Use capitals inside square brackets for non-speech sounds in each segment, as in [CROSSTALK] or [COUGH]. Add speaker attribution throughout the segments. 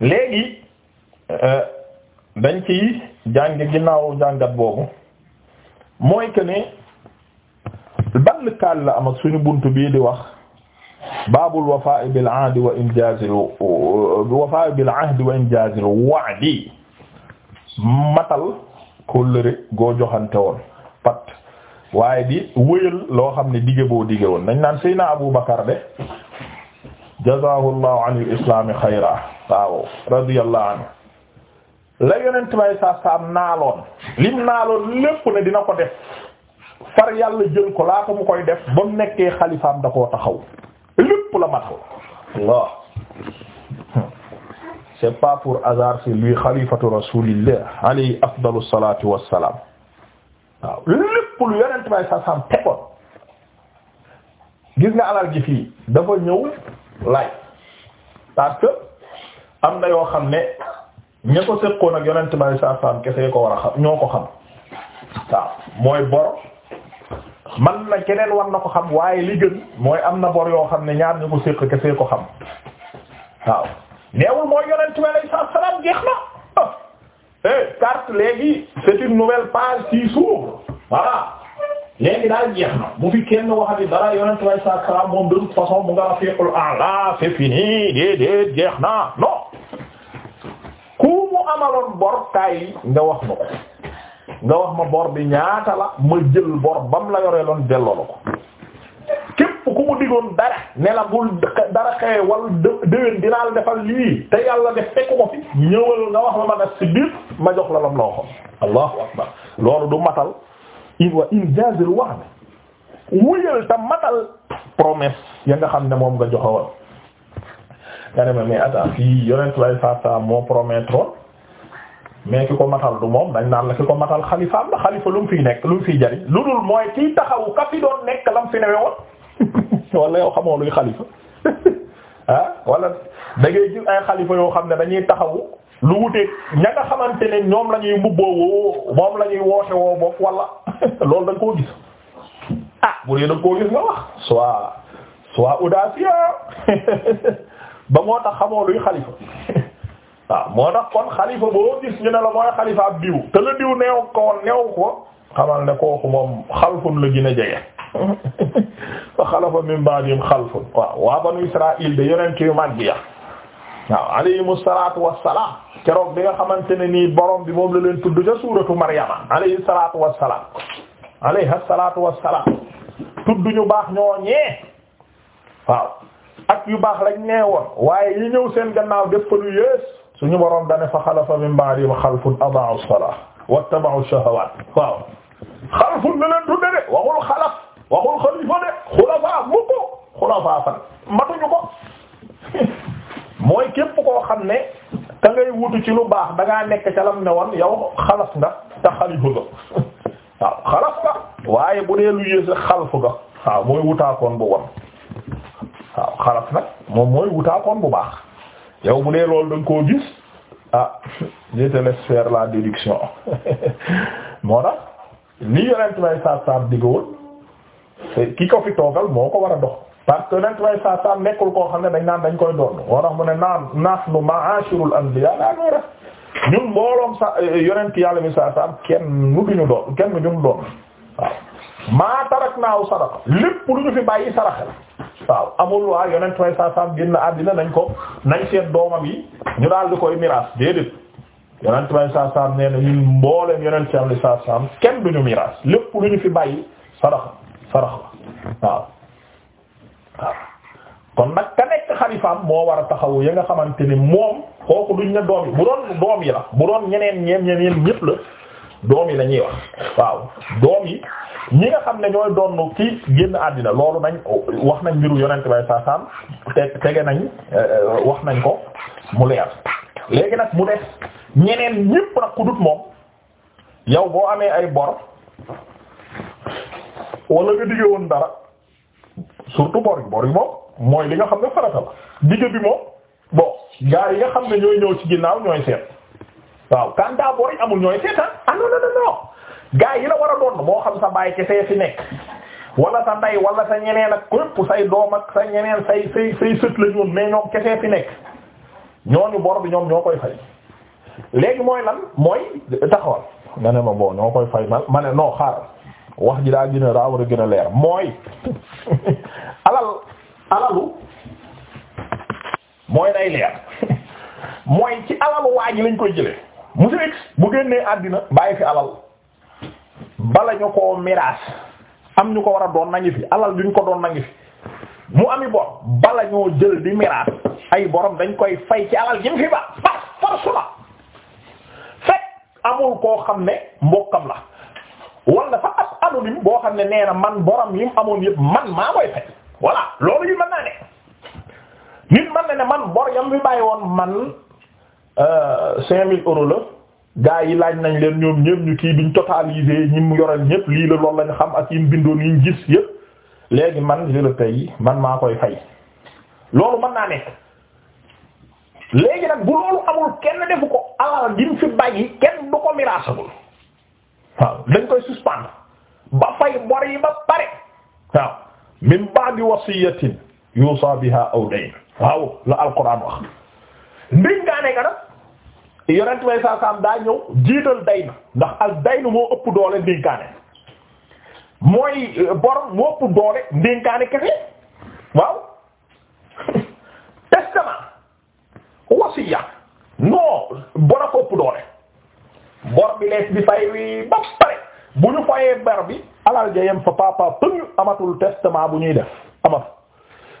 Speaker 1: léegi euh, dañ ci jàng ginnaaw jàngat boobu mooy que ne ban lëkkaal la am ak suñu buntu bii di wax baabul wafaa'i bil ahdi wa injaazil wafaa'i bil wa injaazil wa'di matal kóllëre goo joxante woon pat waaye di wëyal loo xam ni dige boo dige woon dañ naan Seydina Abu Bakar de jazaahu Allahu anil islaami xayra waaw radiyallahu anhu la yonent bay sa saam naaloon lim naaloon lépp ne dina ko def far yàlla jël ko laata mu koy def ba mu nekkee xalifaam da ko taxaw lépp la matal Allah c'est pas pour hasard c'est lui xalifatu rasulillah alayhi afdalu salatu wassalam waaw lépp lu yonent bay sa saam tegoon gis nga alal ji fii dafa ñëw lay parce am na yoo xam ne ña ko seqoon ak yonent bi saa kese ko war a xam ñoo ko xam waaw mooy bor man na keneen war na ko xam waaye li gën mooy am na bor yoo xam ne ñaar ñu ko seq kese ko xam waaw neewul mooy yonent bi saa saam jeex na ah, eh carte léegi c'est une nouvelle page qui s'ouvre voilà léegi daal jeex na bu fi kenn waxati dara yonent bi saa moom de toute façon mu nga rafiqul a'la c'est fini déedéet jeex na non. amaloon bor kaay nga wax ma ko nga wax ma bor bi ñaata la ma jël bor bam la yore loon delloo la ko képp ku mu digoon dara ne bul dara xëye wala déwén dinaa la defal lii te yàlla def fekk ko fi ñëwal nga wax ma ma def biir ma jox la lam la waxoon allahu akbar loolu du matal in wa injaazul wa'd wuyal te matal promesse ya nga xam ne moom nga joxewoon nga ne mais attends fii yonent lay saa saa moo promettre mais ki ko matal du moom dañ naan la ki ko matal xalifa am xalifa lu mu fiy nekk lu mu fiy jariñ lu dul mooy kiy taxawu ka fi doon nekk lam fi newe woon [LAUGHS] wala yow xamoo luy xalifa [LAUGHS] ah wala da gis ay xalifa yoo xam ne dañuy taxawu lu wuteeg ña nga xamante ne ñoom lañuy ñuy mbubboo woo moom la ñuy woote woo bopp wala [LAUGHS] loolu da nga koo gis ah bu dee da koo gis nga wax soit soit audacieux ba moo tax xamoo luy xalifa waaw moo tax kon xalifa boo gis ñu ne la mooy xalifa ab diw te la diw neew ko woon neew ko xamal ne kooku moom xalfun la gën a jege fa [LAUGHS] xalafa min ba'dihim xalfun waaw waa banu Israaïl de yonent yu mag ya waaw alayhimu salaatu wassalaam keroog bi nga xamante ne nii borom bi moom la leen tudd ca suuratu Maryama alayhi salaatu wassalaam alayhi salaatu wassalaam tudd ñu baax ñooñee waaw ak yu baax lañ nee woon waaye yu ñëw seen gannaaw def fa lu yées suñu boroom dane fa xalafa min ba'dihim xalfun adaa'u as-salaata wattaba'u ash-shahawaat waaw xalfun la leen tudde de waxul xalaf waxul xalifa de xulafaa mukk xulafaa fan matuñu ko mooy képp koo xam ne ka ngay wutu ci lu baax da nekk ca lam ne woon yow xalaf nga te xalifa nga waaw xalaf nga waaye bu dee lu yées xalf nga waaw mooy wutaakoon bu won waaw xalaf nag moom mooy wutaakoon bu baax yow bu dee loolu da nga koo gis ah je te laisse la déduction [LAUGHS] moo tax li yonent may saa saam diggoon ki ko fi toogal moo ko war a dox parce que yonent may saa saam nekkul koo xam ne dañ naan dañ koy doon moo tax mu ne naan nahnu ma'ashirul anbiya la nura ñun mbooloom sa yonent yàlla mi saa saam kenn nu duñu doon kenn duñu doon maa taraknaahu sadaqa lépp lu ñu fi bàyyi saraxe la waaw amul waa yonent trois cent cent génn àddina nañ ko nañ seet doomam yi ñu daal di koy miraas déedéet yonent trois cent cent nee na ñun mbooleem yonent trois cent cent kenn duñu miraas lépp lu ñu fi bàyyi sadaqa sadaqa la waaw waaw kon nag ka nekk xalifaam moo war a taxawu ya nga xamante ni moom kooku duñ ne doom yi bu doon doom yi la bu doon ñeneen ñeen ñeneen ñëpp la doom yi la ñuy wax waaw doom yi ñi nga xam ne ñooy doon ci génn àddina loolu nañ wax nañ mbiru yonent bay saa saam tege nañ euh, wax nañ ko mu leer léegi nag mu def ñeneen ñépp nag ku moom yow boo amee ay bor wala nga digge woon dara surtout bor yi bor yi moom mooy li nga xam ne farata la bi moom bon gaa yi nga xam ne ñooy ñëw ci ginnaaw ñooy seet waaw kanta booy amul ñooy seetaan ah non non non gaa yi la war a doon moo xam sa baay kese fi nekk wala sa ndey wala sa ñeneen ak képp say doom ak sa ñeneen say say sët la ñu woon mais ñoom kese fi nekk ñooñu bor bi ñoom ñoo koy fay. léegi mooy lan mooy taxawal nga ne ma bon ñoo koy fay ma ma ne non xaaral wax ji daa gën a war a gën a leer mooy [LAUGHS] alal alalu mooy day leer [LAUGHS] mooy ci alalu waa ji lañ koy jëlee. monsieur X bu génnee àddina bàyyi fi alal bala ñu koo miraas am ñu ko war a doon nangi fi alal duñ ko doon nangi fi mu ami bor bala ñoo jël di miraas ay borom dañ koy fay ci alal jëm fi ba par force la fekk amul koo xam ne mbokkam la wala fa ab anonyme boo xam ne nee man borom yi mu amoon yëpp man maa koy fay voilà loolu yi mën naa ne nit man na ne man bor yam fi bàyyi woon man Euh, cinq mille euros la gaa yi laaj nañ leen ñoom ñëpp ñu kii biñ totalisé ñi mu yoreel ñëpp lii la loolu lañ xam ak yi mu bindoon yi gis yëpp léegi man je le paye man maa koy fay loolu mën naa nekk léegi nag bu loolu amul kenn defu ko alal gi fi bàyyi kenn du ko miraasagul waaw dañ koy suspendre ba fay bor yi ba pare waaw min ba'di wasiyatin yuusa biha aw dayn waaw la alquran wax ndénkaane ka nag yonent way saa saam daa ñëw jiital daynu ndax al daynu moo ëpp doole ndénkaane mooy euh, bor moo ëpp doole ndénkaane kese waaw [LAUGHS] testament wasiya non bor a ko ëpp doole bor bi lees bi fay wi ba bu ñu fayee ber bi alal ja yem fa papa pëng amatul testament bu ñuy def amatul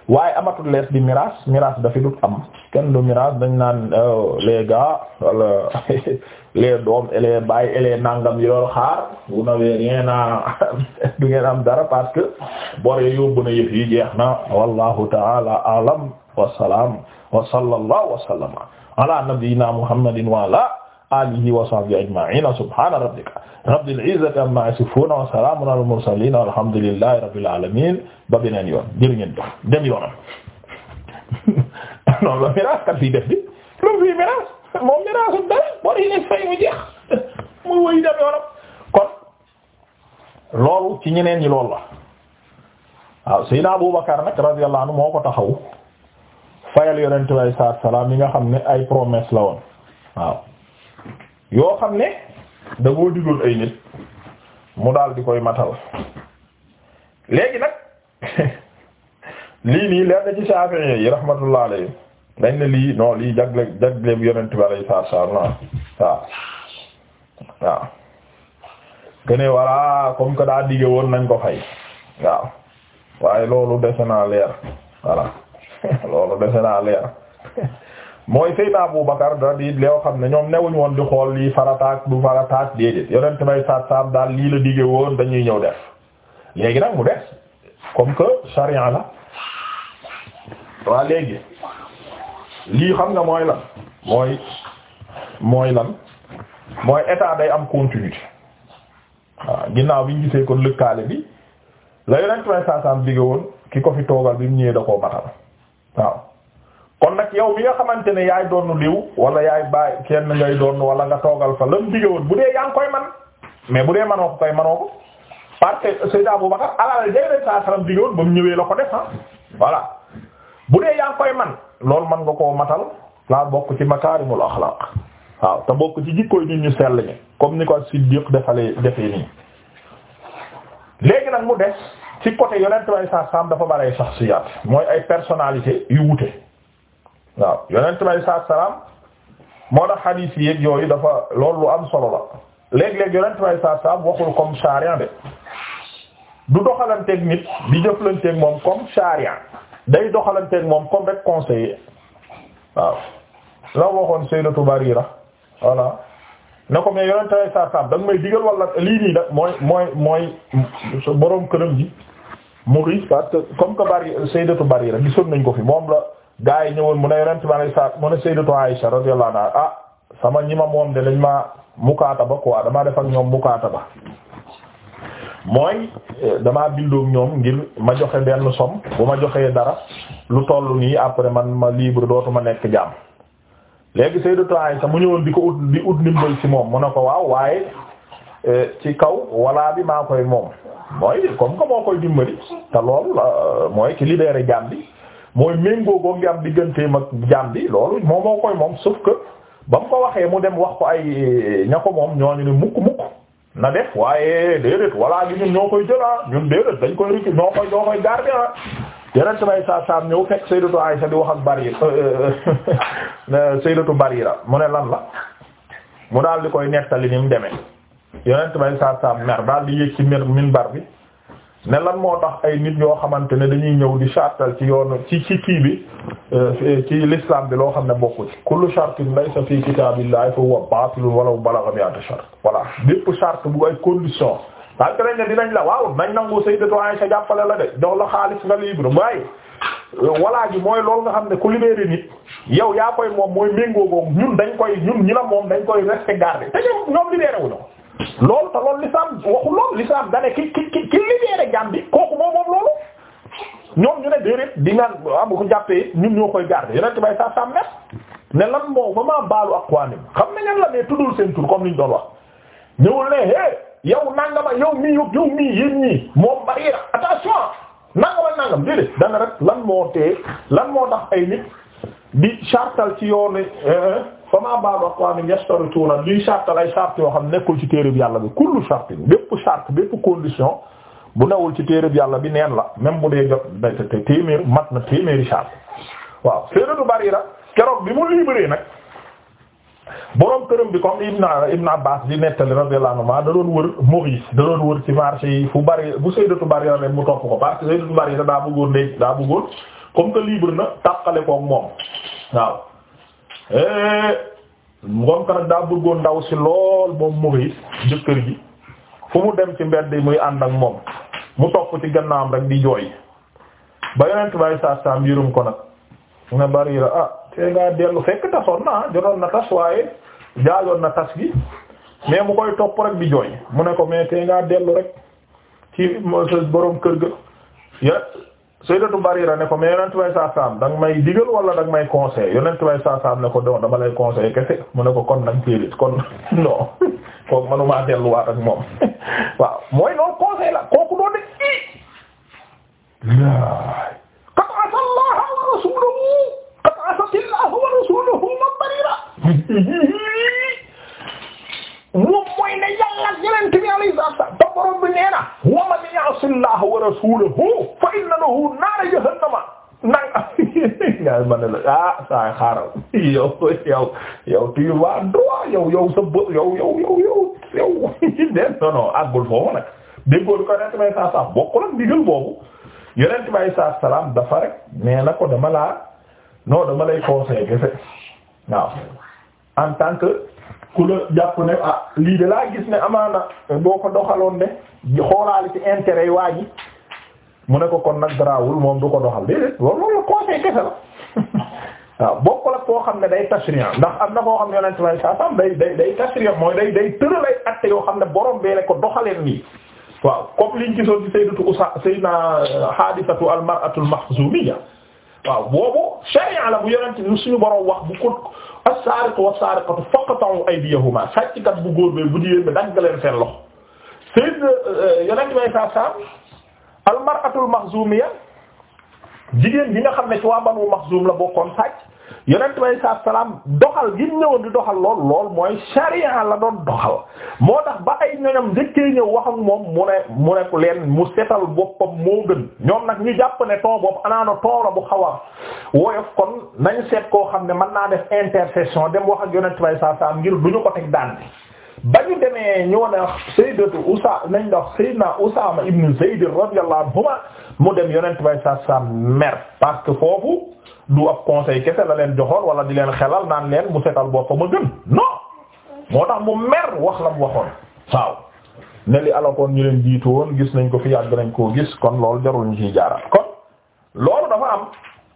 Speaker 1: waaye amatul lees di miraas miraas dafi am kenn du miraas dañ naan oh, les le wala [LAUGHS] les doom et les baay et nangam yi xaar vous n'avez rien à [LAUGHS] du ngeen am dara parce que bor yi na yëf yi wallahu ta'ala a'lam wa salaam wa sallallahu wa sallama ala nabiyyina muhammadin wa alihi wa sahbihi ajma'in subhana rabbika rabbil izzati amma yasifun wa salamun alal mursalin walhamdulillahi rabbil alamin ba beneen yoon jërë ngeen jox dem yoonam [LAUGHS] miraas kat fii def di loolu miraas moom miraasul dara bor yi nekk fay mu jeex [LAUGHS] muy wëy dem yoonam kon loolu ci ñeneen ñi loolu la waaw Seydina Abubakar nag radiyallahu anhu moo ko taxaw fayal yonent bi sallallahu alayhi wasallam yi nga xam ne ay promesse la woon waaw yoo xam ne da koo digoon ay nit mu daal di koy matal léegi nag [LAUGHS] lii nii leer na ci Shafi'i yi rahmatullah alayhi dañ ne lii non lii jagle jagleem yonent bi alayhi salaatu salaam waaw waaw que ne comme que daa dige woon nañ ko fay waaw waaye loolu dese naa leer voilà [LAUGHS] loolu dese naa leer [LAUGHS] mooy Seydina Abubakar da di leew xam ne ñoom newuñ woon di xool lii farataak du farataak déedéet yonent bay saat saam daal lii la woon dañuy ñëw def léegi nag mu des comme que charia la waa léegi lii xam nga mooy lan mooy mooy lan mooy état day am continuité waaw ginnaaw biñ ñu gisee kon lëkkaale bi la yonent bay saat saam digge woon ki ko fi toogal bi mu ñëwee da koo batal waaw yow bi nga xamante ne yaay doonu diw wala yaay baay kenn ngay doon wala nga toogal fa lam digewoon bu dee yaa ngi koy man mais bu dee manoo ko koy manoo ko parce que Seydina Abubakar alal jayre sa salam digewoon ba mu ñëwee la ko def ah voilà bu dee yaa ngi koy man loolu man nga koo matal laa bokk ci makaarimul axlaaq waaw te bokk ci jikkoy nit ñu sell ñi comme ni ko Siddiq defalee defee nii léegi nag mu des ci côté yonent way sa sam dafa bari ay saxsiyaat mooy ay personnalité yu wute waaw yonent bi saatu salaam moo tax xadiis yi yéeg yooyu dafa loolu am solo la léeg-léeg yonent bi saatu salaam waxul comme charia de du doxalanteeg nit di jëflanteeg moom comme charia day doxalanteeg moom comme rek conseiller waaw la waxoon Sayyidatu Barira voilà ne ko mais yonent bi wala lii nii da mooy mooy mooy borom këram ji mu ris parce que comme que Barira Sayyidatu Barira gisoon nañ ko fii moom la. gaa yi ñëwoon mu ne yonent bi alayhi salaam mu ne Sayyidatu Aisha radiyallahu anha ah sama ñi ma moom de dañ ma mukaataba quoi dama def ak ñoom mukaataba mooy eh, dama bindoog ñoom ngir ma joxe benn som bu ma joxee dara lu toll nii après man ma libre dootuma nekk jaam léegi Sayyidatu Aisha mu ñëwoon di ko ut di ut ndimbal ci moom mu ne ko waaw waaye eh, ci kaw walaa bi maa koy moom mooy comme que moo koy dimbali te lool euh, mooy ki libéré jaam bi. mooy méngoo boo ngi am digganteem ak jaam bi loolu moom moo koy moom sauf que ba mu ko waxee mu dem wax ko ay ña ko moom ñooñu ne mukk mukk na def waaye déedéet voilà gi ñun ñoo koy jëla ah, ñun déedéet dañ koy rëcc ñoo koy ñoo koy garder ah. yeneen samay saa saa ñëw fekk Sayyidatu Aisha di wax ak Barira euh, euh, [LAUGHS] Sayyidatu Barira mu ne lan la mu daal di koy nettali ni mu demee yeneen samay saa saa mer daal di yéeg ci minbar bi. ne lan moo tax ay nit ñoo xamante ne dañuy ñëw di chartal ci yoonu ci ci kii bi euh, ci l'islam bi loo xam ne bokku ci kullu shartin laysa fi kitaabillahi fa huwa baatilun walaw balagha mi'ata shart voilà bépp charte bu ay condition parce que dañ ne dinañ la waaw nañ nangu sayyidatu Aisha jàppale la de jox la xaalis nga libre waaye euh, walaa ji mooy loolu nga xam ne ku libéré nit yow yaa koy moom mooy méngoo ko ñun dañ koy ñun ñi la moom dañ koy respecté garder te ñoom libéré loolu te loolu lislaam waxu loolu lislaam da ki ki ki ki libéré jaam bi kooku moom moom loolu ñoom ñu ne déedéet di naan am ah, ko jàppee ñun ñoo koy garder yeneen i may sax sàmm ne lan moo ba maa baalu aqwanim xam ne ñan la ne tuddul seen tur comme ni ñu doon wax ñëwul ne hé eh, yow nangama yow mii yow mii yéen ñii moom Barira attention nangama nangam déedéet dana rek lan moo tee lan moo tax ay nit di chartal ci yoonu. Eh, eh, fa maa baalu aqwaamin yashtarituuna luy charte lay charte yoo xam nekkul ci téereb yàlla bi kullu charte bépp charte bépp condition bu newul ci téereb yàlla bi neen la même bu dee jot day te téeméer mat na téeméeri charte waaw Sayyidatu Barira keroog bi mu libéré nag borom këram bi comme Ibn Ibn Abbas di nettali radiyallahu anhu da doon wër Mughis da doon wër ci marché yi fu bari bu Sayyidatu Barira ne mu topp ko parce que Sayyidatu Barira daa bëggoon na tàqale koog Eh, moom ka nag daa bëggoon ndaw si lool moom Mughis jëkkër ji fu mu dem ci mbedd muy ànd ak moom mu topp ci gannaawam rek di jooy ba yonent bay saa saam ko nag nga bari la ah tey ngaa dellu fekk tasoon na jotoon na tas waaye jaajoon na tas gi mais mu koy topp rek di jooy mu ne ko mais tey ngaa dellu rek ci boroom kër ga ya Sayyidatu Barira ne ko mais yonent bay saa saam da may digal wala da nga may conseil yonent bay saa saam ne ko do dama lay conseil kese mu ne ko kon nag téelit kon [LAUGHS] non [LAUGHS] kooku manuma delluwaat ak moom [LAUGHS] waaw mooy loolu conseil la kooku doon de i laa qad asa Allaha wa rasuluhu qad Barira moom yonent bi alayhi salaam ba borom bi nee na wa man ya'si llaha wa rasulahu fa inna lahu naara jahannama nang [LAUGHS] nga ma ne la ah saa xaaral [LAUGHS] yow yow yow tu vas droit yow yow sa bë yow yow yow yow yow [LAUGHS] den non non àggul foofu nag déggoon ko yonent may saa saa bokkul ak digal boobu yonent may saa salaam dafa rek nee na ko dama laa non dama lay conseiller defe waaw en tant que ku la jàpp ne ah lii de laa gis ne amaana boo ko doxaloon de xoolaal ci intere yi waa mu ne ko kon nag garaawul moom du ko doxal déedéet loolu loolu conseil kese la [LAUGHS] waaw bokkul ak koo xam ne day tashriya ndax am na koo xam ne yonent may sasam day day day tashriya mooy day day tëralay atte yoo xam ne borom bee ne ko doxaleen nii waaw comme liñ gisoon ci sayyidatu usa sayyidina hadithatu euh, al mar'atu al waaw boobu sharia la bu yonent suñu borom wax as-saariqu was-saariqatu faqta'u aydiyahumaa sàcckat bu góor bee bu jigéen bi dagg leen seen loxo Sayyid euh, Yonent bi saa saa al-mar'atul maxzuumiyya jigéen bi nga xam ne ci waa Banu Maxzuum la bokkoon sàcc. yonent bay saa salaam doxal gi ñëwoon di doxal lool lool mooy sharia la doon doxal moo tax ba ay ñoñam njëkkee ñëw wax ak moom mu ne mu ne ko leen mu setal boppam moo gën ñoom nag ñu jàpp ne too boobu anaana too la bu xaw a woyof kon nañ seet koo xam ne man naa def intercession dem wax ak yonent bay saa salaam ngir du ñu ko teg daan ba ñu demee ñu wone sayyidatu Usa nañ dox sayyidna Usaama ibn Zayd radiyallahu anhuma mu dem yonent bay saa salaam mer parce que foofu du ab conseil kese la leen joxoon wala di leen xelal naan leen mu setal boppam a gën non moo tax mu mer wax la mu waxoon waaw ne li ñu leen jiitu gis nañ ko fi yàgg nañ koo gis kon loolu jarul ñu ciy jaara kon loolu dafa am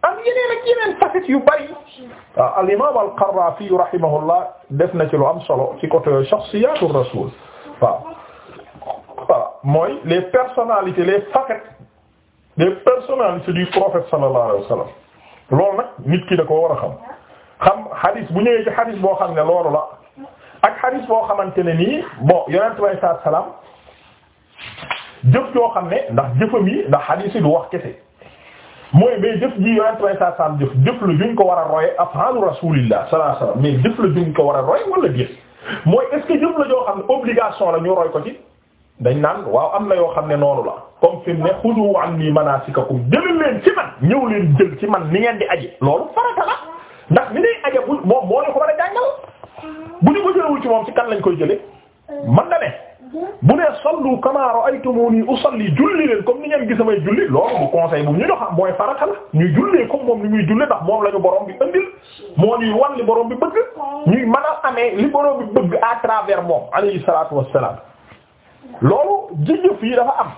Speaker 1: am yeneen ak yeneen facette yu bari waaw ah, al imam al def na ci lu am solo ci côté shakhsiyatu rasul waaw waaw mooy les personnalités les facettes des personnalités du prophète sallallahu alayhi wa loolu nag nit ki da ko war a xam xam hadis bu ñëwee ci boo xam ne loolu la ak hadis boo xamante ne nii bo yonent bi saa salaam jëf joo xam ne ndax jëfam yi ndax hadis yi du wax kese mooy mais jëf ji yonent bi saa salaam jëf ko war a roye afaalu rasulillah sallallahu alayhi wasallam mais jëf ko war a roye wala jëf mooy est-ce que jëf la joo obligation la ñu roy ko ci. dañ naan waaw am na yoo xam ne noonu la comme fi mu ne xudu anni manasikakum jëlee leen ci ñëw leen jël ci man ni ngeen di aji loolu farata la ndax ni lay aje bu moom moo leen ko war a jàngal bu ñu ko jëlewul ci moom ci kan lañ koy jële man na ne bu nee sallu kama ra'aytumuni usalli julli leen comme ni ngeen gis samay julli loolu bu conseil bu ñu dox mooy ñuy jullee comme moom ni muy la ñu borom bi andil moo ñuy wan li boroom bi bëgg ñuy mën a amee li borom bi bëgg à travers moom alayhi salaatu wassalaam loolu jëjëf yi dafa am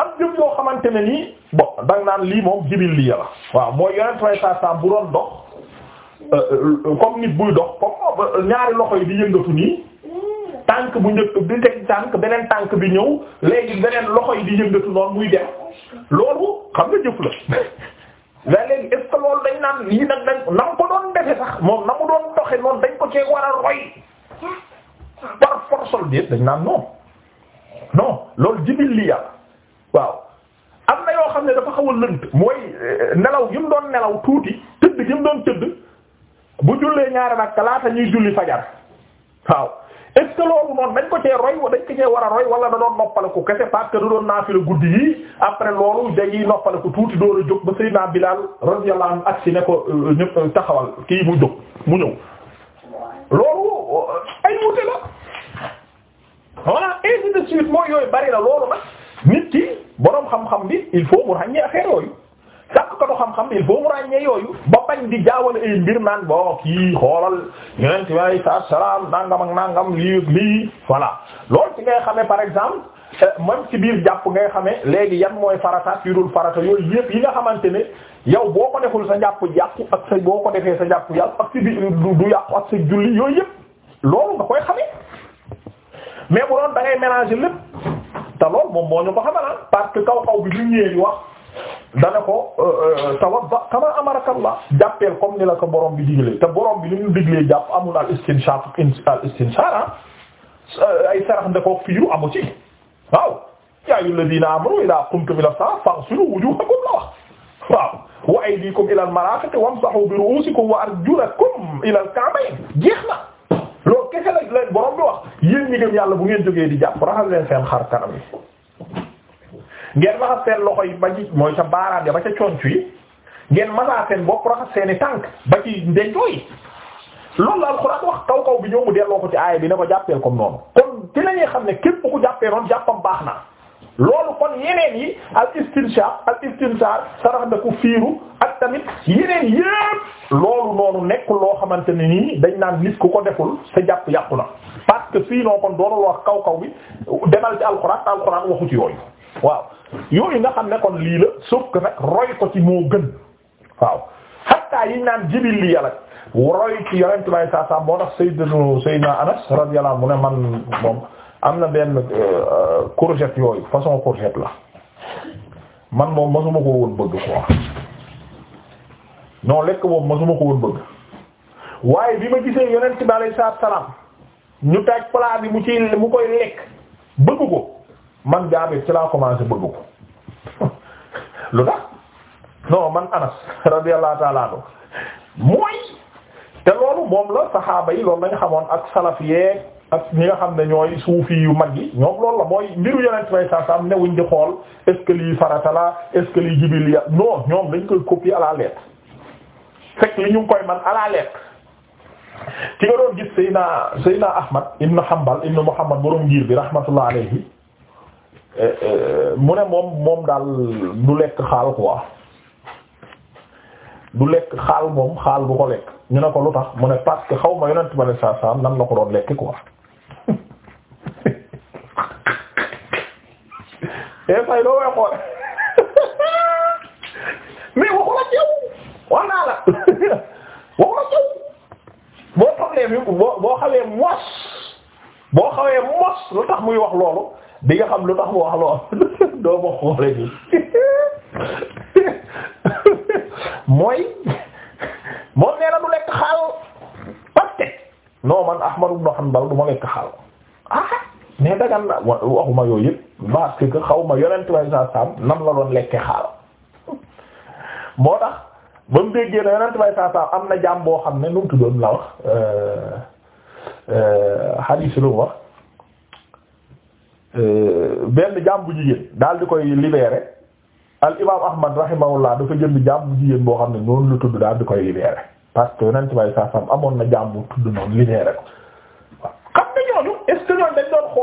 Speaker 1: am jëf yoo xamante ne nii bon da nga naan lii moom jibil lii la waaw mooy yonent way sa saam bu doon dox euh, comme nit buy dox comme euh, ñaari loxo yi di yëngatu nii tànk bu njëkk di teg tànk beneen tànk bi ñëw léegi beneen loxo yi di yëngatu noonu muy dem loolu xam nga jëf la [LAUGHS] mais léegi est loolu dañ naan lii nag dañ na mu ko doon defe sax moom na mu doon doxe noonu dañ ko cee war a roy par force la dañ naan non non loolu jibiliya waaw am na yoo xam ne dafa xaw a lënt mooy euh, nelaw gi mu doon nelaw tuuti tëdd gi mu doon tëdd bu jullee ñaari rakka laata ñuy julli fajar waaw est ce que loolu noonu dañ ko cee roy dañ ko cee war a roy walla da doon noppaleku kese parce que da doon naafila guddi yi après loolu dañuy noppaleku tuuti door a jóg ba Seydina Bilal radiyallahu anhu agsi ne ko euh, ñëpp euh, taxawal kii mu jóg mu ñëw loolu ainsi yooyu bari na loolu boroom xam bi il faut mu ràññee affaire yooyu sàkkatu xam-xam bi mbir naan boo kii xoolal yeneen saa salaam nangam ak nangam lii lii voilà loolu ci ngay xamee par exemple eh, même ci biir jàpp ngay xamee léegi yan mooy farata yu dul farata yooyu yëpp yi nga xamante ne yow boo ko deful sa jàpp jàpp ak sa boo ko sa jàpp yàpp ak yooyu yëpp loolu nga koy xamee. mais bu doon da ngay mélanger lépp te lool moom moo ñu ko xamal ah parce que kaw kaw bi li ñëwee wax dana ko euh, euh, tawadda kama amaraka Allah jàppeel comme ni la ko borom bi diglee te borom bi li mu diglee jàpp amul al istinshaq al istinshara ah, euh, ay sarax ndekoo fiiru amu ci waaw yaa ayyuha alladhina amanu idha qumtum ila salati faghsilu wujuhakum la wax waaw wa aydikum ila al marafiq wamsahu bi ru'usikum wa arjulakum ila al ka'bayn jeex na lool ke la leen borom bi wax yéen ñi yàlla bu ngeen jógee di jàpp raxas leen seen xar kanam yi ngeen raxas seen loxo yi ba ci mooy sa baaraam ba ca conc yi ngeen masaa seen bopp raxas seen tànk ba ci ndencoo yi loolu la alxuraan wax kaw kaw bi ñoo mu delloo ko ci aaya bi ne ko jàppeel comme noonu kon ci lañuy xam ne képp ku jàppee noonu jàppam baax na loolu kon yeneen yi al istinshaq al istinshar sarax ko fiiru ak tamit yeneen yépp loolu noonu nekkul loo xamante ne nii dañ naan nit ku ko deful sa jàpp yàqu na parce que sinon kon doonul wax kaw kaw bi demal ci alxuraan alxuraan waxu ci yooyu waaw yooyu nga xam ne kon lii la sauf que roy ko ci moo gën waaw hatta yiñ naan jibil li yàlla roy ci yonent bay saa saa moo tax sayyidina Anas radiyallahu mu ne man moom am na benn euh, euh, courgette yooyu façon courgette la man moom masuma ko woon bëgg quoi non lekk boobu masuma ko woon bëgg waaye bi ma gisee yonent bi alayhi salaam ñu taaj plat bi mu ciy mu koy lekk bëgg ko man Jaabir ci laa commencé bëgg ko [LAUGHS] lu tax non man Anas radiyallahu ta'ala anhu mooy te loolu moom la saxaaba yi loolu lañu xamoon ak salaf yeek ak ñi nga xam ne ñooy suufi yu mag yi ñoom loolu la mooy mbiru yonent bay saa saa newuñ di xool est-ce que jibil ya non ñoom dañ koy copier à la lettre fekk li ñu ngi koy man à ci nga doon gis Seyna Ahmad ibn Hanbal ibn Muhammad borom ngir bi rahmatullah alayhi eh, eh, mu ne moom moom daal du lekk xaal quoi du lekk xaal moom xaal du ko lekk ñu ne ko lu tax mu ne parce xaw ma yonent ba ne saa saa nan la ko doon e fay loo way mais waxu la wax naa la waxu la boo tollee mi boo xawee mos boo xawee mos lu tax muy wax loolu di nga xam lu tax mu wax loolu [LAUGHS] doo ma xoole nii [LAUGHS] mooy moom nee na du lekk xaal parce non man Ahmad ibn Hanbal du ma lekk xaal ah mais dagan na waxuma yooyu parce que xaw ma yonent way sa nam la doon lekkee xaal moo tax ba mu déggee na yonent way sa am na jaam boo xam ne nu mu tuddoon la wax euh, euh, hadith lu wax euh, benn jaam bu jigéen daal di koy libéré al imam ahmad rahimahullah dafa jënd jaam bu jigéen boo xam ne noonu lu tudd daal di koy libéré parce que yonent way sa amoon na jaam bu tudd noonu libéré ko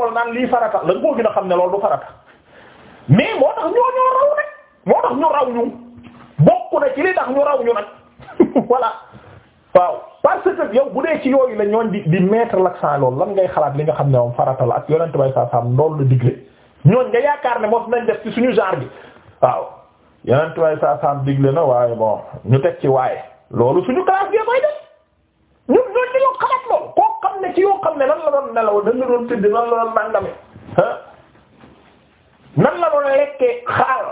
Speaker 1: xool naan lii farata la nga koo gën xam ne loolu du farata mais moo tax ñoo ñoo raw nag moo tax ñu raw ñu nag [LAUGHS] voilà waaw parce que yow bu dee ci yooyu la ñooñ di di mettre l'accent loolu lan ngay xalaat li nga xam ne moom farata la ak yonent bay saa saam loolu la digle ñooñ nga yaakaar ne moom nañ def ci suñu genre bi waaw yonent bay saa saam digle na waaye bon ñu teg ci waaye loolu suñu classe bi koy def ñun ñoo ñu doon xalaat lool koo xam ne ci yoo xam ne nan la doon nelaw nan doon tëdd nan la doon nan la doon lekkee xaal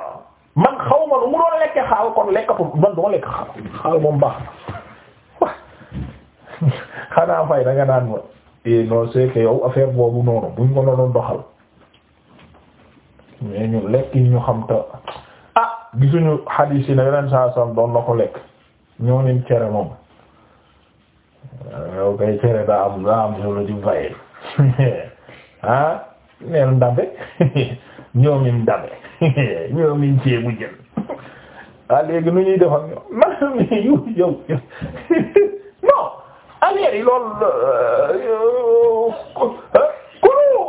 Speaker 1: man xaw ma nu mu doon lekkee xaal kon lekkatu man du lekk xaal xaal [LAUGHS] eh, boobu noonu buñ ko doon doxal mais ñu lekk ñu xam te ah gisuñu xadiis yi ne saa soxna doon na ko lekk ñoo leen cere moom. yow kay am daa am solo ci vaye neel ndambe ñoomin ndambe ñoomin ceebu jën ah léegi nu ñuy def ak ñoom man mii yow yow non affaire yi loolu kulu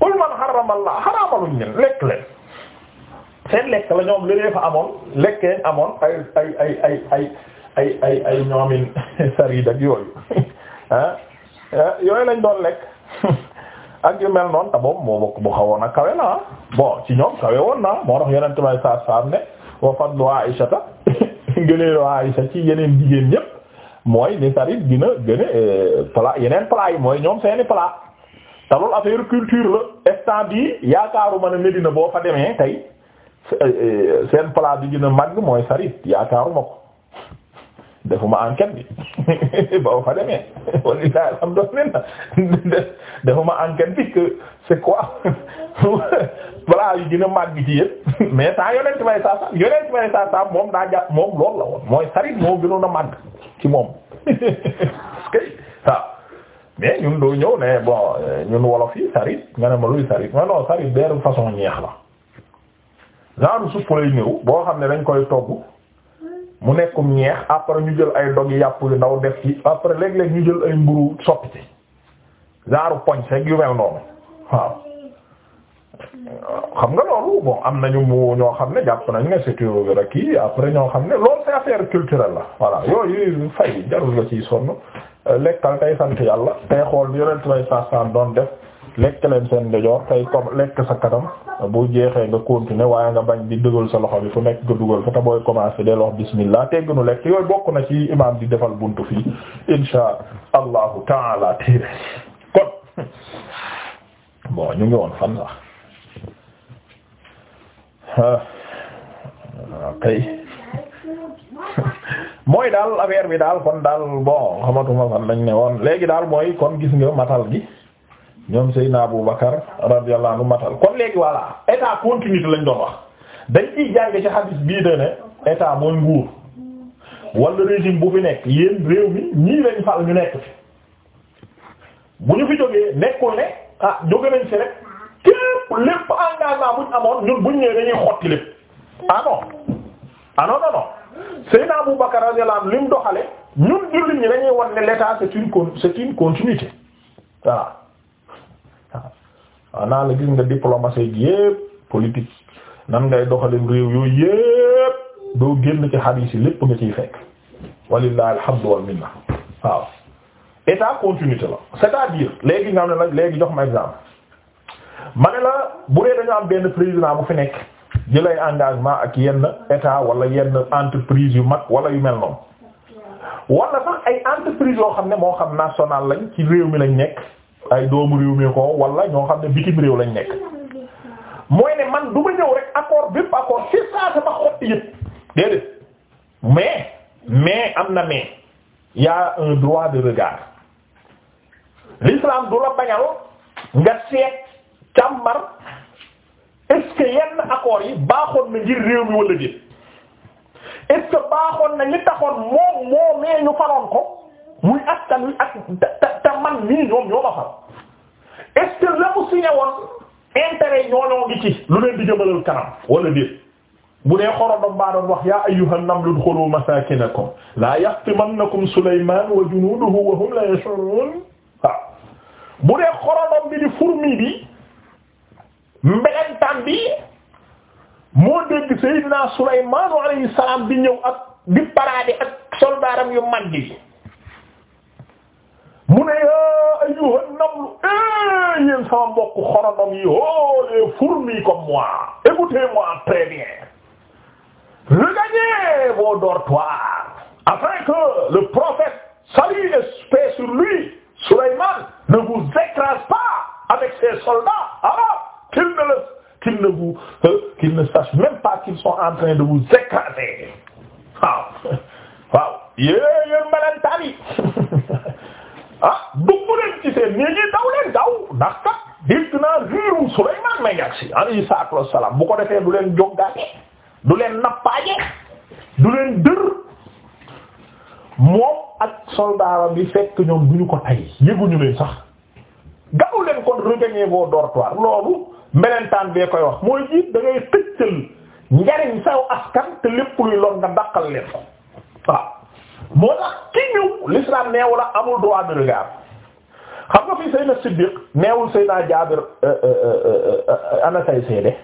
Speaker 1: kul man xaramallah xaramaluñ leen lekk leen seen lekk la ñoom li dee amoon lekk amoon ay ay ay ay ay ay ay ñoomin [LAUGHS] sariid ak yooyu [LAUGHS] ah, ah yooyu lañ doon lekk [LAUGHS] ak yu mel noonu te moo bokk bu xawoon kawe na ah ci ñoom kawe woon na moo tax yeneen may saar saar ne wa fadlu Aïshata ngëneelu Aïsha ci yeneen jigéen ñépp mooy ni sariid dina gën a eh, plat yeneen plat yi mooy ñoom seeni plat te loolu culture la yi bii yaakaaruma ne Medina boo fa demee tey eh, eh, seen plat bi gën a màgg mooy sariid yaakaaruma ko defuma enquête bi [LAUGHS] ba fa demee wala il a am doon ne defuma enquête bi que c'est quoi [LAUGHS] voilà yu gën a màgg ci yëpp [LAUGHS] mais saa yonent may saa saa yonent may saa saa moom daa a màgg ci moom parce mais ñun doo ñëw ne bon ñun wolof yi sarit nga ne ma luy sarit ma non sarit benn façon ñeex la genre suuf lay ñëw boo xam ne dañ koy togg. mu nekkum ñeex après ñu jël ay dog yàpp yu ndaw def ci après léeg-léeg ñu jël ay mburu sotti ci zaaru poñ seeg yu mel noonu waaw xam nga loolu bon am nañu mu ñoo xam ne jàpp nañ nga surtout rek kii après ñoo xam ne loolu c'est affaire culturelle la voilà yooyu fay jarul la ciy sonn euh, lekkal tey sant yàlla tey xool bi yonent may sasam doon def lekk leen seen ndejoor tey comme lekk sa kanam bu jeexee nga continuer waaye nga bañ di dugal sa loxo bi fu nekk nga dugal fa te booy commencer del wax bismillah tegg nu lekk yooyu bokk na ci imaam di defal bunt fii insha allahu taala téere kon bon ñu ngi woon fan sax kay mooy daal affaire bi daal kon daal bon xamatuma fan lañ ne woon léegi daal mooy kon gis nga matal gi ñoom Seydina Abu Bakar radiyallahu anhu matal kon léegi voilà état continuité lañ doon wax dañ ciy jànge ci hadith bii de ne état mooy nguur wala régime bu fi nekk yéen réew mi ñii lañ fal ñu nekk fi bu ñu fi jógee nekkul ne ah jóge nañ fi rek képp lépp engagement buñ amoon ñun buñ ñëwee dañuy xotti lépp ah non ah non non non Seydina Abu mu doxale ñun jullit ñi dañuy won ne l'état c'est une c'est une continuité waaw naa la gis nga diplomatie gi yépp politique nan ngay doxalin réew yooyu yépp doo génn ci xadiis yi lépp nga ciy fekk walillahi alhamdu wal minna waaw état continuité la c'est-à-dire léegi nga xam ne nag léegi jox ma exemple ma ne la bu dee dañu am benn président bu fi nekk jëlay engagement ak yenn état wala yenn entreprise yu mag wala yu mel noonu wala sax ay entreprise yoo xam ne moo xam national lañ ci réew mi lañ nekk ay doomu réew mi ko wala ñoo xam ne bitim réew lañu nekk mooy ne man du ma ñëw rek accord bépp accord ci saa sama xotti yëpp déedéet mais mais am na mais y a un droit de regard l'islam du la bañal nga seet càmbar est yenn accords yi baaxoon na ngir réew mi wala déet est-ce na li taxoon moom moo mais ñu faroon ko. muy askan wi ak te man nii ñoom ñoo ma far est-ce que la mu signé woon intérêt ñoo ñoo ngi ci lu leen di jëmalal kanam wala déet bu dee xorodom baa doon wax yaa ayyuhan namlu udkhulu masakinakum la yahtimannakum Sulayman wa junuduhu wa hum la yash'urun waaw bu dee xorodom bi di fourmi bi mbelentaan bi moo dégg Seydina Sulayman alayhi salam di ñëw ak di paraade ak soldaaram yu màgg yi mu ne yaa ayyuha namlu eh yéen sama mbokku xorondom yi oh les fourmis comme moi écoutez-moi très bien. regagnez que le prophète salut et paix sur lui Sulayman ne vous écrase pas avec ses soldats arabes qu'il ne le ne vous euh, ne sache même pas qu'ils sont en train de vous écraser seen néeg yi daw leen daw ndax kat dégg naa riiru Sulaymaan may yàgg si alayhi salaatu wassalaam bu ko defee du leen joggaate du leen nappaaje du leen dër moom ak soldaara bi fekk ñoom du ñu ko tay yëguñu leen sax gaaw leen kon regagner vos dortoirs loolu mbelentaan bee koy wax mooy jiit da ngay njariñ saw askan te lépp luy lon nga dàqal leen ko waaw moo tax ki ñëw l'islam neewu la amul droit de regard xam nga fi Seydina Siddiq neewul Seydina Jaabir euh, euh, euh, ana seede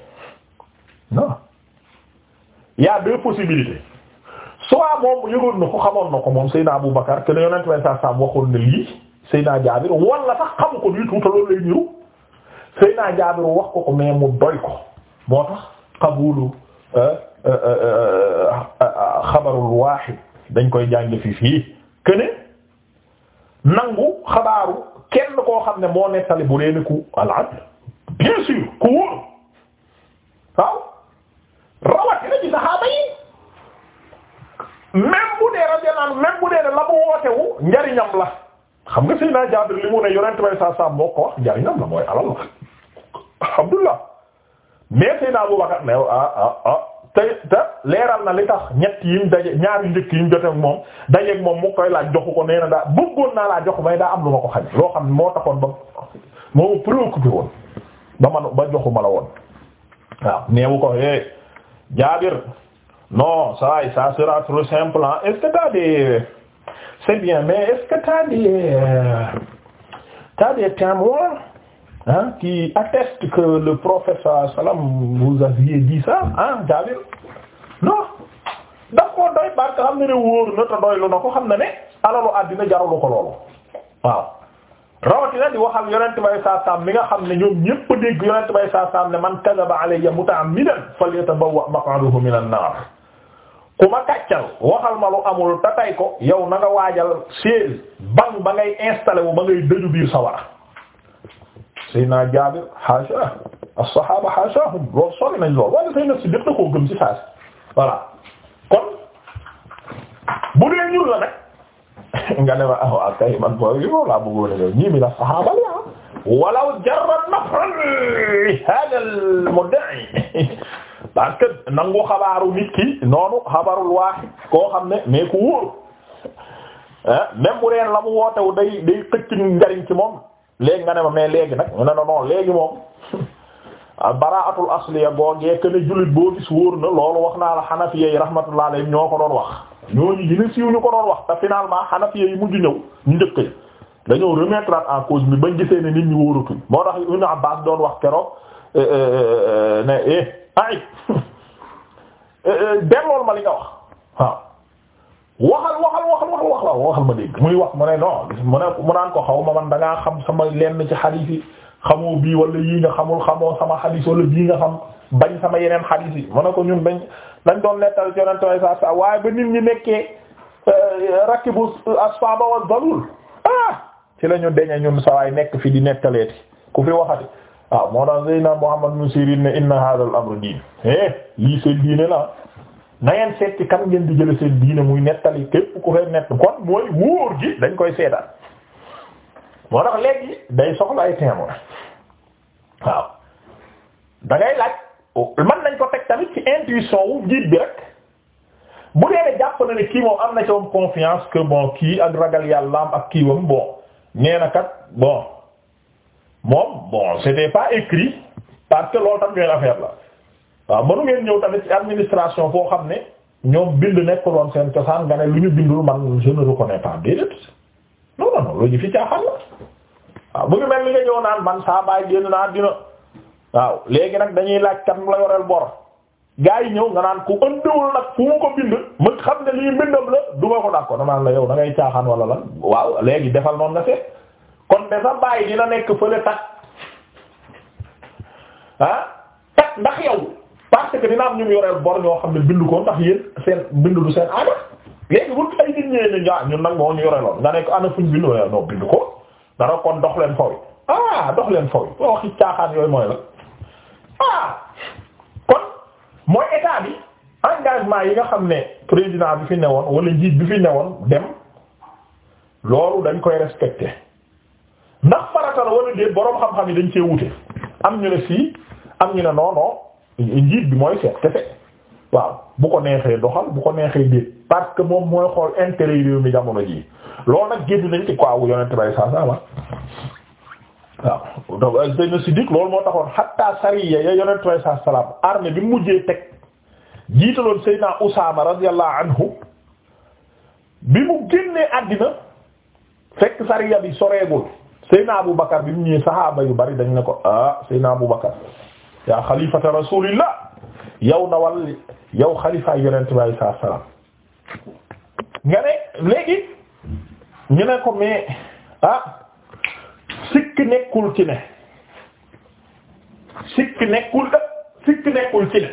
Speaker 1: non y a deux possibilités soit moom yëgoon na ko xamoon na ko moom Seydina Abu Bakar que ne yonent way sa waxoon na lii Seydina Jaabir wala sax xamu ko du tout loolu lay niru Seydina Jaabir wax ko ko mais mu doy ko moo tax qabulu xabarul waahid dañ koy jàng fi fii que nangu xabaaru kenn koo xam ne moo nettali bu dee ni ku al bien sûr ku wóor waaw rawatina ci saxaaba yi même bu dee radiyallahu ne la mu wootewu njariñam la xam nga Seydina Jaabir li mu ne yonent saa saa moo ko wax njariñam la mooy alal la alhamdulillah mais Seydina Abubakar ne ah ah ah tey te leeral na li tax ñett yim daje ñaari njëkk yim jote moom dajeeg moom mu koy laaj joxu ko nee na daa bëggoon naa laa jox may daa am lu ma ko xañ loo xam ne moo taxoon ba moo préoccupé woon ba man ba joxu ma la woon waaw neewu ko é Jaabir non ça ça sera trop simple hein est-ce que bien mais est-ce que t'as des euh, t'as des témoins le prophète sallallahu alayhi wa sallam vous aviez dit ça Jaabir non daf koo doy barke xam ne ne wóoru na te doylu na ko xam na ne alalu àddina jaralu ko loolu waaw rawatina di waxal yonent bay saa saam mi nga xam ne ñoom ñépp dégg yonent bay saa ne man kadaba alayya muta'ammidan falyatabawwa maq'adahu minan nar ku ma kàccal waxal ma lu amul te ko yow na nga waajal chaise bang ba ngay installé wu ba ngay dëju biir sawara sayna Jaabir haasha as-sahaaba haashahum loolu sori nañ lool wala sayna Siddiq voilà kon bu dee ñun la nag nga ne ma ah waaw kay man booy yi moom laa bëggoon a ñëw ñii mi la saxaaba la walaw jarra nafran li hada al mudda'i parce nangu xabaaru nit ki noonu xabarul waaxid koo xam ne mais ku wóor même bu dee la mu wootewu day day xëcc njariñ ci moom léegi nga ne ma mais léegi nag mu ne non non léegi moom. baraatul asliya googee que ne jullit boo gis wóor na loolu wax naa la xanafiya yi rahmatullah alayhim ñoo ko doon wax ñooñu gën a siiw ñu ko doon wax te finalement xanafiya yi mujj ñëw ñu njëkk yi dañoo remettre a cause bi bañ gisee ne nit ñi wóoratul moo tax Ibn Abbas doon wax keroog euh, euh, euh, ne eh ay [LAUGHS] dellool ma li nga wax waaw. waxal waxal waxal waxal waxal waxal ma dégg muy wax mu ne non mu ne mu naan ko xaw ma man da ngaa xam lenn ci xadiis yi xamoo bii wala yii nga xamul xamoo sama xadis wala bii nga xam bañ sama yeneen xadis yi mu ne ko ñun dañ dañ doon nettal yonent way sa sa waaye ba nit ñi nekkee euh, rakibu asfaba wa dalul ah ci la ñu deñe ñun sawaay nekk fi di nettaleeti ku fi waxati waaw ah, moo tax Seydina Muhammad ibn Sirin ne inna hadha diin eh lii seen diine la na ngeen seet ci kan ngeen di jële seen diine muy nettali képp ku fay nett kon mooy wóor gi dañ koy seetaan moo tax léegi day soxla ay témoin waaw da ngay laaj mën nañ ko teg tamit ci intuition wu jiit bi rek bu dee jàpp na ne kii moom am na ci confiance que bon kii ak ragal yàllaam ak kii wam bon nee kat bon moom bon c'était pas écrit parce que loolu tam ñooy affaire la waaw mënu ngeen ñëw tamit administration foo xam ne ñoom bind nekkuloon seen cosaan nga ne lu ñu bindul man je ne reconnais pas déedéet non non non fi caaxaan la waaw mu ngi mel ni nga ñëw naan man saa baay génn naa dina waaw léegi nag dañuy laaj kat la yoreel bor gaa yi ñëw nga naan ku ëndewul nag fu mu ko bind ma xam ne lii mbindam la du ma ko nag ko naan la yow da ngay caaxaan wala lan waaw léegi defal noonu na seet kon de sa baay dina nekk fële tak ah ndax yow parce que dina ñu yoreel bor ñoo xam ne bind ko ndax yéen seen bind du seen aada. léegi bu ay nit ñëwee ne ah ñun nag moo ñu yore lool nga ne ko ana fuñ bind waaye non bind ko dara kon dox leen faw ah dox leen faw boo waxi caaxaan yooyu mooy la ah kon mooy état bi engagement yi nga xam ne président bi fi newoon wala njiit bi fi newoon dem loolu dañ koy respecté ndax farata la wala déet boroom xam-xam yi dañ cee wute am ñu ne fii am ñu ne non non njiit bi mooy seet kese waaw bu ko neexee doxal bu ko neexee déet. parce que moom mooy xool intérêt réew mi jamono ji loolu nag génn nañ ci quoi wu yonent bay saa saa wa waaw donc euh, Seydina Siddiq loolu moo taxoon hatta sariya ya yonent bay saa salaam armée bi mujjee teg jiitaloon Seydina Usaama radiyallahu anhu bi mu génnee àddina fekk sariya bi soreegul Seydina Abu Bakar bi mu ñëwee saxaaba yu bari dañ ne ko ah Seydina Abu Bakar yaa xalifata rasulillah yow nawal yow xalifaay yonent bay saa salaam nga ne léegi ñu ne ko mais ah sikk nekkul ci ne sikk nekkul da sikk nekkul ci ne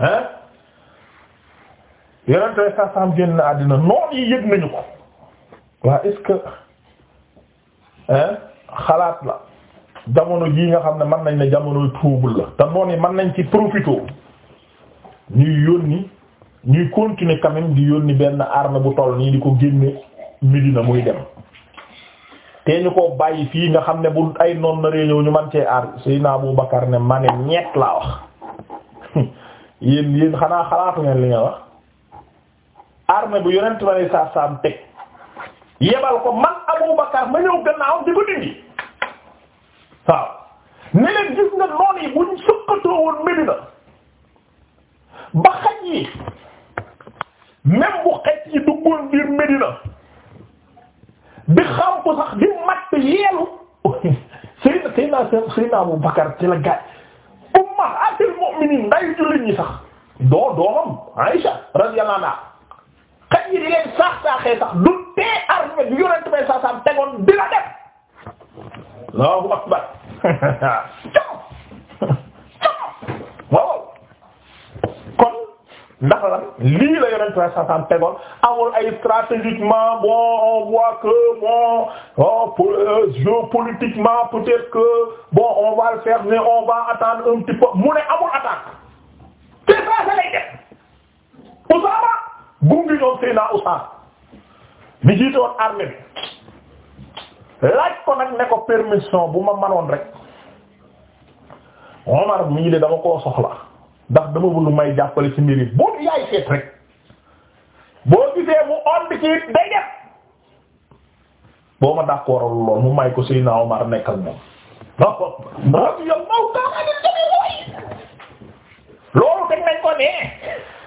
Speaker 1: ah yenentoy sa sam génn àddina noon yi yëg nañu ko waa est-ce xalaat la jamono jii nga xam ne man nañ ne jamonoy trouble la te noon yi mën nañ ci profité ñuy yónni ñuy continuer quand même di yónni benn arme bu toll nii di ko génne Médina muy dem te ñu ko bàyyi fii nga xam ne bu ay noon na réew ñu man cee aar Seydina Abu Bakar ne ma ne ñett laa wax [LAUGHS] yéen yéen xanaa xalaatu ngeen li nga wax arme bu yonent ma ne saa saam teg yebal ko man Abu Bakar ma ñëw gannaaw di ko dindi waaw ne leen gis nga noon yi buñ sukkatoo woon Médina ba xaj yi même yi duggoon biir Medina bi xam sax di mat yeelu Seydina Seydina Seydina Abu Bakar ci la gaay ummahatul mu'minin nday jullit ñi sax doo doomam Aïsha radiyallahu anha xaj yi di leen saax saaxee sax du tee armée bi yonent bay saasam tegoon bi la def Allahu akbar [LAUGHS] waaw kon ndax lan lii la yonent trois cent tegoon amul ay stratégiquement bon on voit que bon oh, euh, géopolitiquement peut que bon on va le faire mais on va attendre un petit peu mu ne amul attaque. te saa sa lay def Usaama gungi ñoom Seydina Usaama mi jiite woon armée bi laaj ko nag ne ko permission bu ma manoon rek Omar mii de dama koo soxla. ndax dama bëgg may jàppale ci mbir yi yaay seet rek boo gisee mu ond ci day def boo ma d'accordal lool mu may ko Seydina Omar nekkal moom loolu dañ nañ ko ne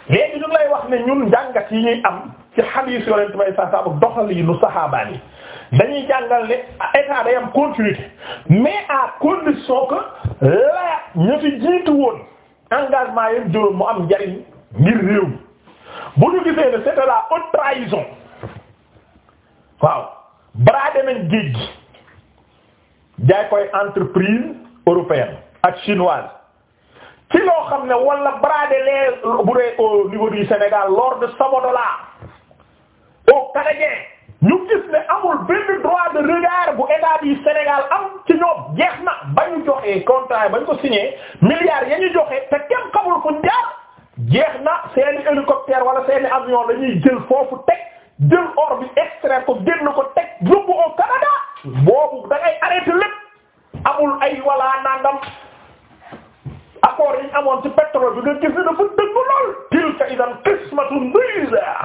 Speaker 1: léegi ñu lay wax ne ñun njàngat yi ñuy am ci hadith yonent bay sa saabu doxal yi nu saxaabaan yi dañuy jàngal ne état day am continuité mais à condition que la ñu fi jiitu woon engagement yam juróom mu am njariñ ngir réew bu ñu gisee ne c'était la trahison waaw bradé nañ géej gi jaay koy entreprise européenne ak chinoise ci loo xam ne wala bradé les bu dee au niveau du Sénégal l'or de Sabodola au Canadien ñu gis ne amul benn droit de regard bu état bi Sénégal am ci ñoom jeex na ba ñu joxee contrat ba ñu ko signé milliards ya ñu joxe te kenn xamul fu jaar jeex na seeni hélicoptère wala seeni avion la jël foofu teg jël or bi ko génn ko teg yóbbu au Canada boobu da ngay lépp amul ay wala nangam accord yi ñu amoon ci pétrole bi nga gis ne dafa dëgg lool tilka idan qismatun diza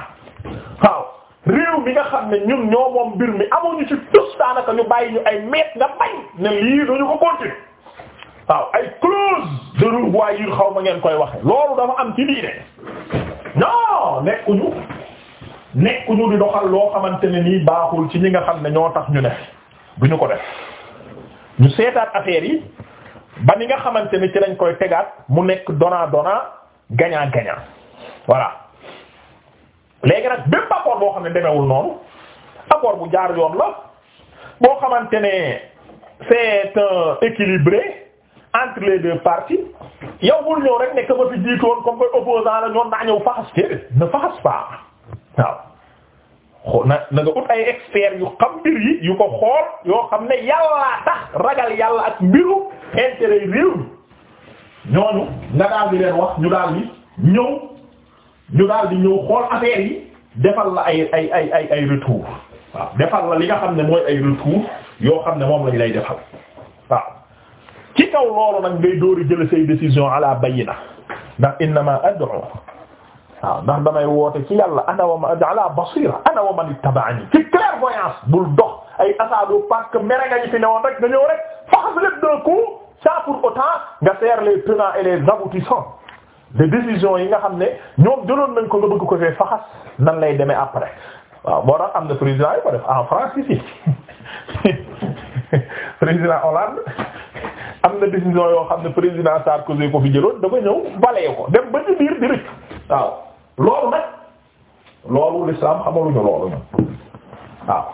Speaker 1: waaw réew bi nga xam ne ñun ñoo moom mbir mi amuñu ci tus daanaka ñu bàyyi ñu ay meet nga bañ ne lii duñu ko continuer waaw ay clause de revoyure xaw ma ngeen koy waxe loolu dafa am ci diine non nekkuñu nekkuñu di doxal loo xamante ne nii baaxul ci ñi nga xam ne ñoo tax ñu ne duñu ko def ñu seetaat affaire yi ba ni nga xamante ne ci lañ koy tegaat mu nekk donnant donnant gagnant gagnant voilà léegi nag bépp accord boo xam ne demewul noonu accord bu jaar yoon la boo xamante ne c'est un équilibré entre les deux parties yow wul ñëw rek nekk ma fi jiitoon comme koy opposant la ñoon naa ñëw faxas téeré na faxas pas waaw na na nga ut ay experts yu xam mbir yi yu ko xool yoo xam ne yàllaa tax ragal yàlla ak mbiru intérêt réew ñooñu nga daal leen wax ñu daal di ñëw ñu daal di ñëw xool affaire la ay ay ay ay ay retour waaw defal li nga xam ne mooy ay retour yoo xam ne moom lañ lay defal waaw ci kaw loolu nag ngay dóori jël say décision ala bayina ndax innama ad'u waaw ndax damay woote ci yàlla ana wa man ala basira ana wa man ittaba'ani clairvoyance bul dox ay asaadu parce que mere nga ñu fi newoon rek nga ñëw rek faxas lépp d'un coup ça pour autant nga faire de décision yi nga xam ne ñoom jëloon nañ ko nga bëgg ko fee faxas nan lay demee après waaw moo tax am na président yi ko def en France ici [LAUGHS] président Hollande am na décision yoo xam ne président Sarkozy ko fi jëloon dafa ñëw balee ko dem ba ci biir di waaw loolu nag loolu l'islam xamaluñu loolu ñun waaw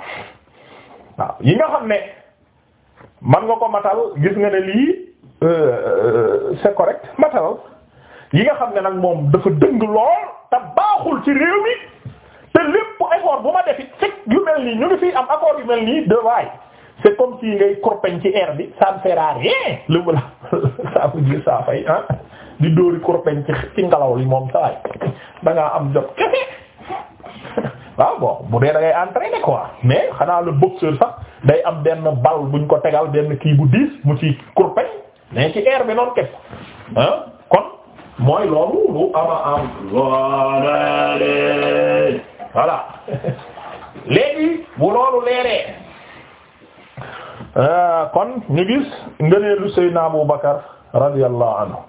Speaker 1: waaw yi nga xam ne man nga ko matal gis nga ne lii euh, euh, c'est correct matal yi nga xam ne nag moom dafa dëng lool te baaxul ci réew mi te lépp effort bu ma defi fekk yu mel nii ñu ngi fii am accord yu mel nii de waay c'est comme si ngay kurpeñ ci air bi ça ne sert à rien lu la saa mujj saa fay ah di dóori kurpeñ ci ci ngelaw li moom saa yi da am jot [LAUGHS] waaw bon bu dee da ngay entraîner quoi mais xanaa le boxeur sax day am benn bal buñ ko tegal benn kii bu diis mu ci kurpeñ mais ci air bi noonu kese ah kon. mooy loolu lu ama am zonale voilà léegi bu loolu leeree euh, kon ñu gis ngëneelu Seydina Abu Bakar radiyallahu anhu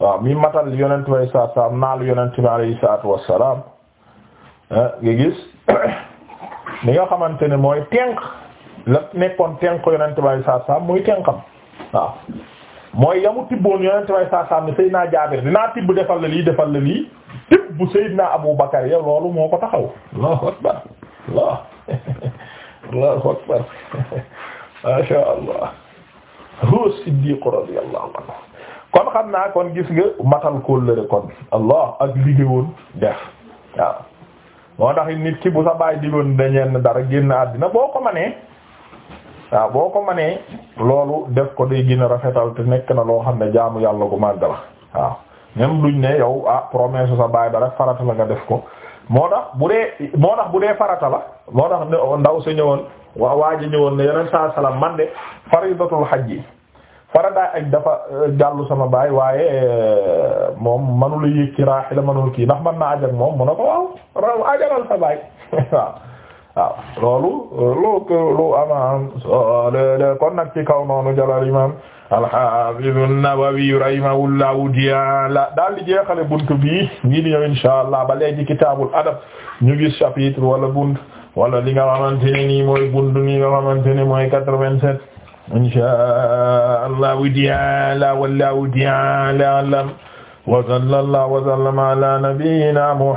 Speaker 1: waaw mi matal yonent way saat salam naalu yonent bi alayhi salaatu wassalaam euh, nga gis [COUGHS] li nga xamante ne mooy tenk la nekkoon tenk yonent bi alayhi salaatu muy tenkam waaw mooy yamu tibboon yonent way saa saam ne Seydina Jaabir dinaa tibb defal la lii defal la lii tibb bu Seydina Abu Bakar ya loolu moo ko taxaw Allahu akbar Allah Allah huwa Siddiq radiyallahu anhu kon xam naa kon gis nga matal kóllëre kon Allah ak liggéeyoon def waaw moo tax nit ki bu sa baay digoon dañeen dara génn àddina boo ko manee waaw boo ko mënee loolu def ko day gën a rafetal te nekk na loo xam ne jaamu yàlla gu màgg la waaw même duñ ne yow ah promesse sa baay ba rek farata la nga def ko moo tax bu dee moo tax bu dee farata la moo tax ndaw sa ñëwoon waa waa ji ñëwoon ne yeneen saa salaam man de faridatul xaj yi farataay aj dafa euh, jàllu sama baay waaye euh, moom manula yéeg ci raaxi la manul kii ndax man naa ajak moom mu ne ko waaw raw ajalal sa baay [LAUGHS] waaw waaw loolu looko lu amaan solele kon nag ci kaw noonu jalal imam alhafidu Nawawi rahimahullahu daal di jeexale buntu bi ngi di ñëw inshallah ba léegi kitaabul adab ñu gis chapitre wala bunt wala li nga xamante ne nii mooy bunt ni nga xamante ne mooy quatre-vingt-sept inshallahu ta'ala wallahu ta'ala a'lam wa sallallahu wa